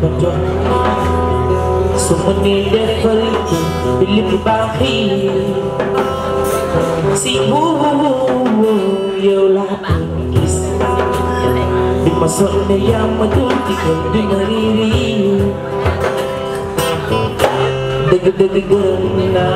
ba su ma nee defal ko li mu baaxee si boobu yow laa am gis bi ma sonne yaa ma doon digal bi ma réeri dëgg dëgg gërëm naa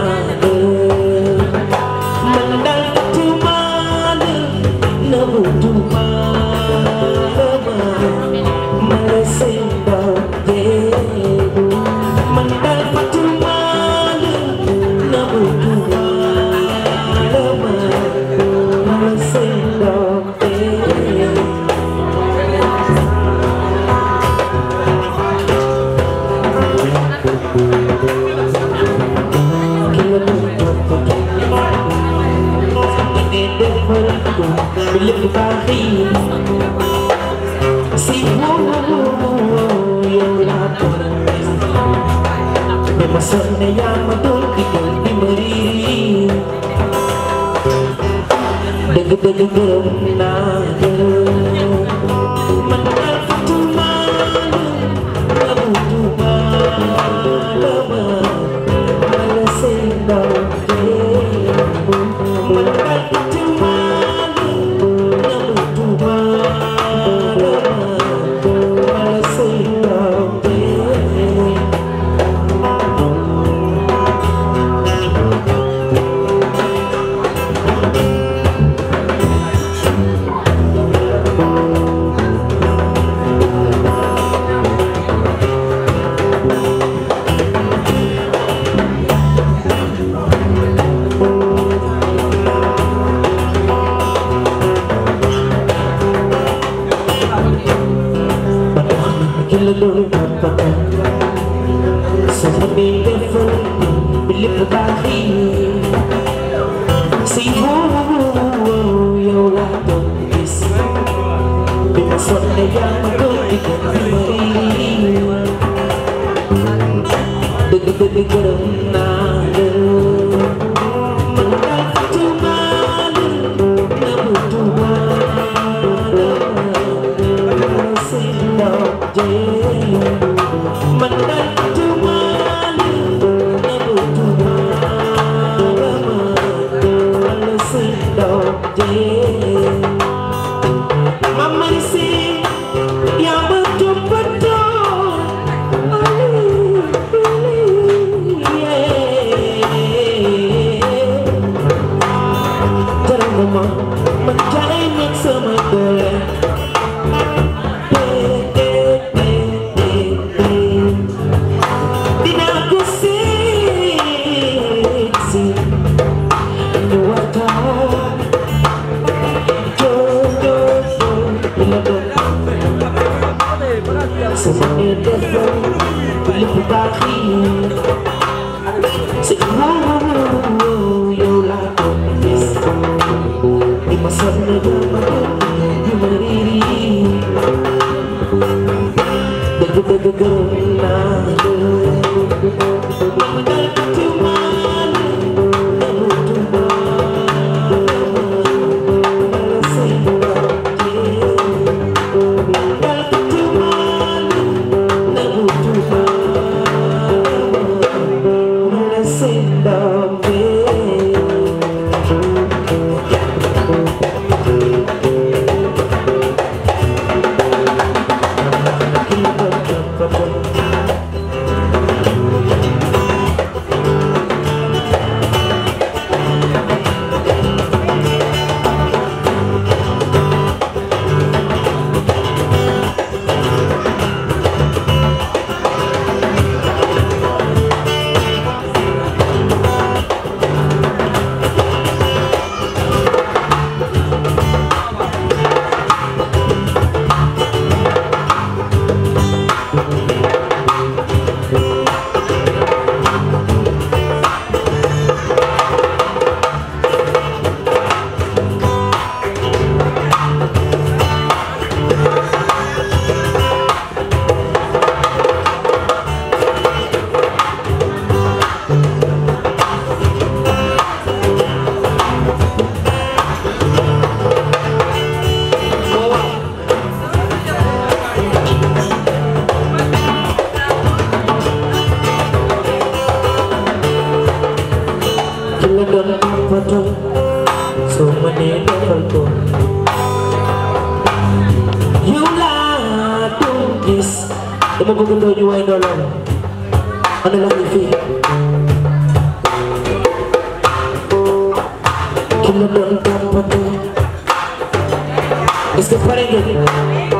de Paris si wóow yow laa doon def ba ma sonn yaa ma doon ki doon di ma riir dëgg dëgg gërëm naa sondayaan dëgg dëgg gërëm naa la man daal fàtte naa la na mu tubaab la seen ndaw jéem man daal mama ma jaay nag sama doole dinaa ko seet si ñu waxtaan joo joo joo dina doon sama ngeen defal lépp baax yi si xaaral gërëm naa please dama bëgg ndaw ñu way ndooloon ana la ñu fii ki la doon tàmpate est-ce que pare ngeen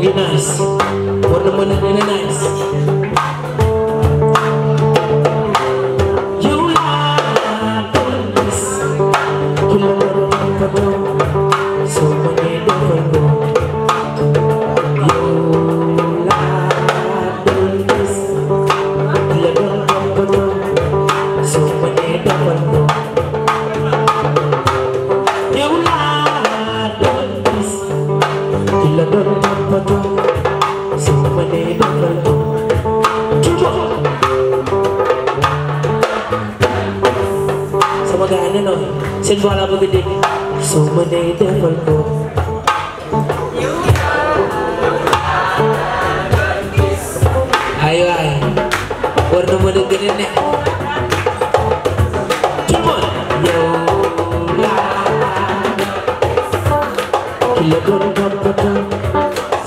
ngi nice war na mën a gën a nice dama la gën a neex tout le monde yow laa ki la gën a toppatoo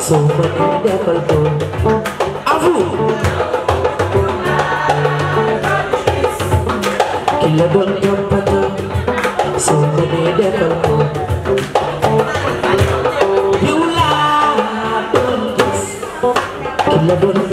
soo mënee defal ko à vous ki la gën a toppatoo soo mënee defal ko yow laa doon gis ki la gën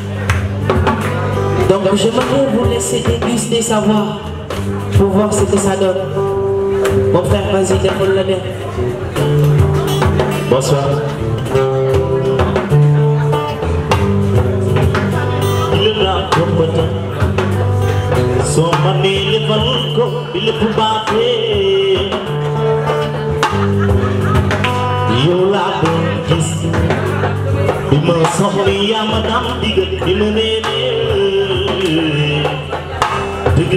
Donc j'aimerais vous laisser déguster sa voix pour voir ce que ça donne. Mon frère, vas-y, déroule le nez. Bonsoir. soo ma nee lebal ko bi lépp baaxee yow laa doon gis bi ma soxla yaa ma dam digal bi ma nee nee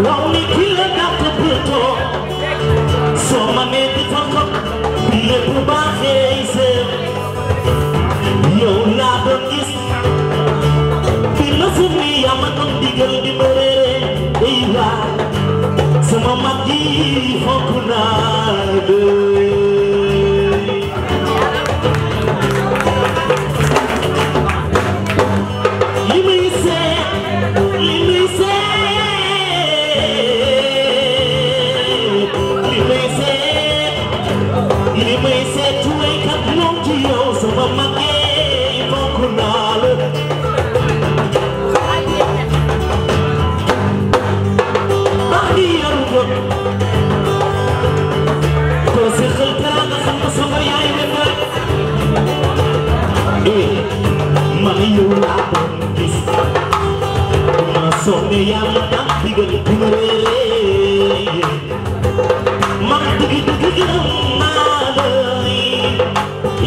lonely queen.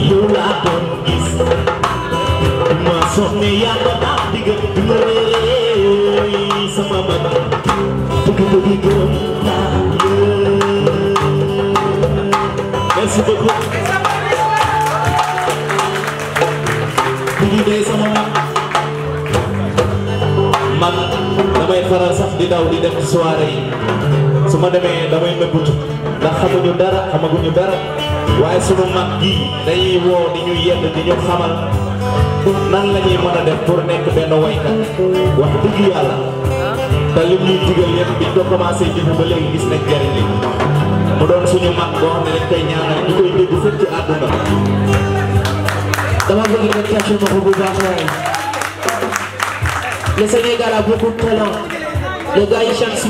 yow laa doon gis ma soxna yaa ma daax digal bi ma réeree sama mag bëgg bëgg gërëm naa merci beaucoup di daw di su ma demee damay nëbbatu ndax xamuñu dara xamaguñu dara waaye sunu mag gi dañuy woo di ñu yedd di ñu xamal nan la mën a def pour nekk benn waykat wax dëgg yàlla te lim ñuy digal yëpp biñ ko commencé jëfe gis nañ jariñ li mu doon suñu mag boo xam ne dañ koy ñaanal ñu koy dégg fépp ci àdduna dama bëgg nga tàccu ma ko bu baax waaye le Sénégal a beaucoup de talent Le gars, il chante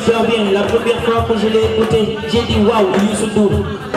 La première fois que je j'ai dit waouh, Youssou Ndour.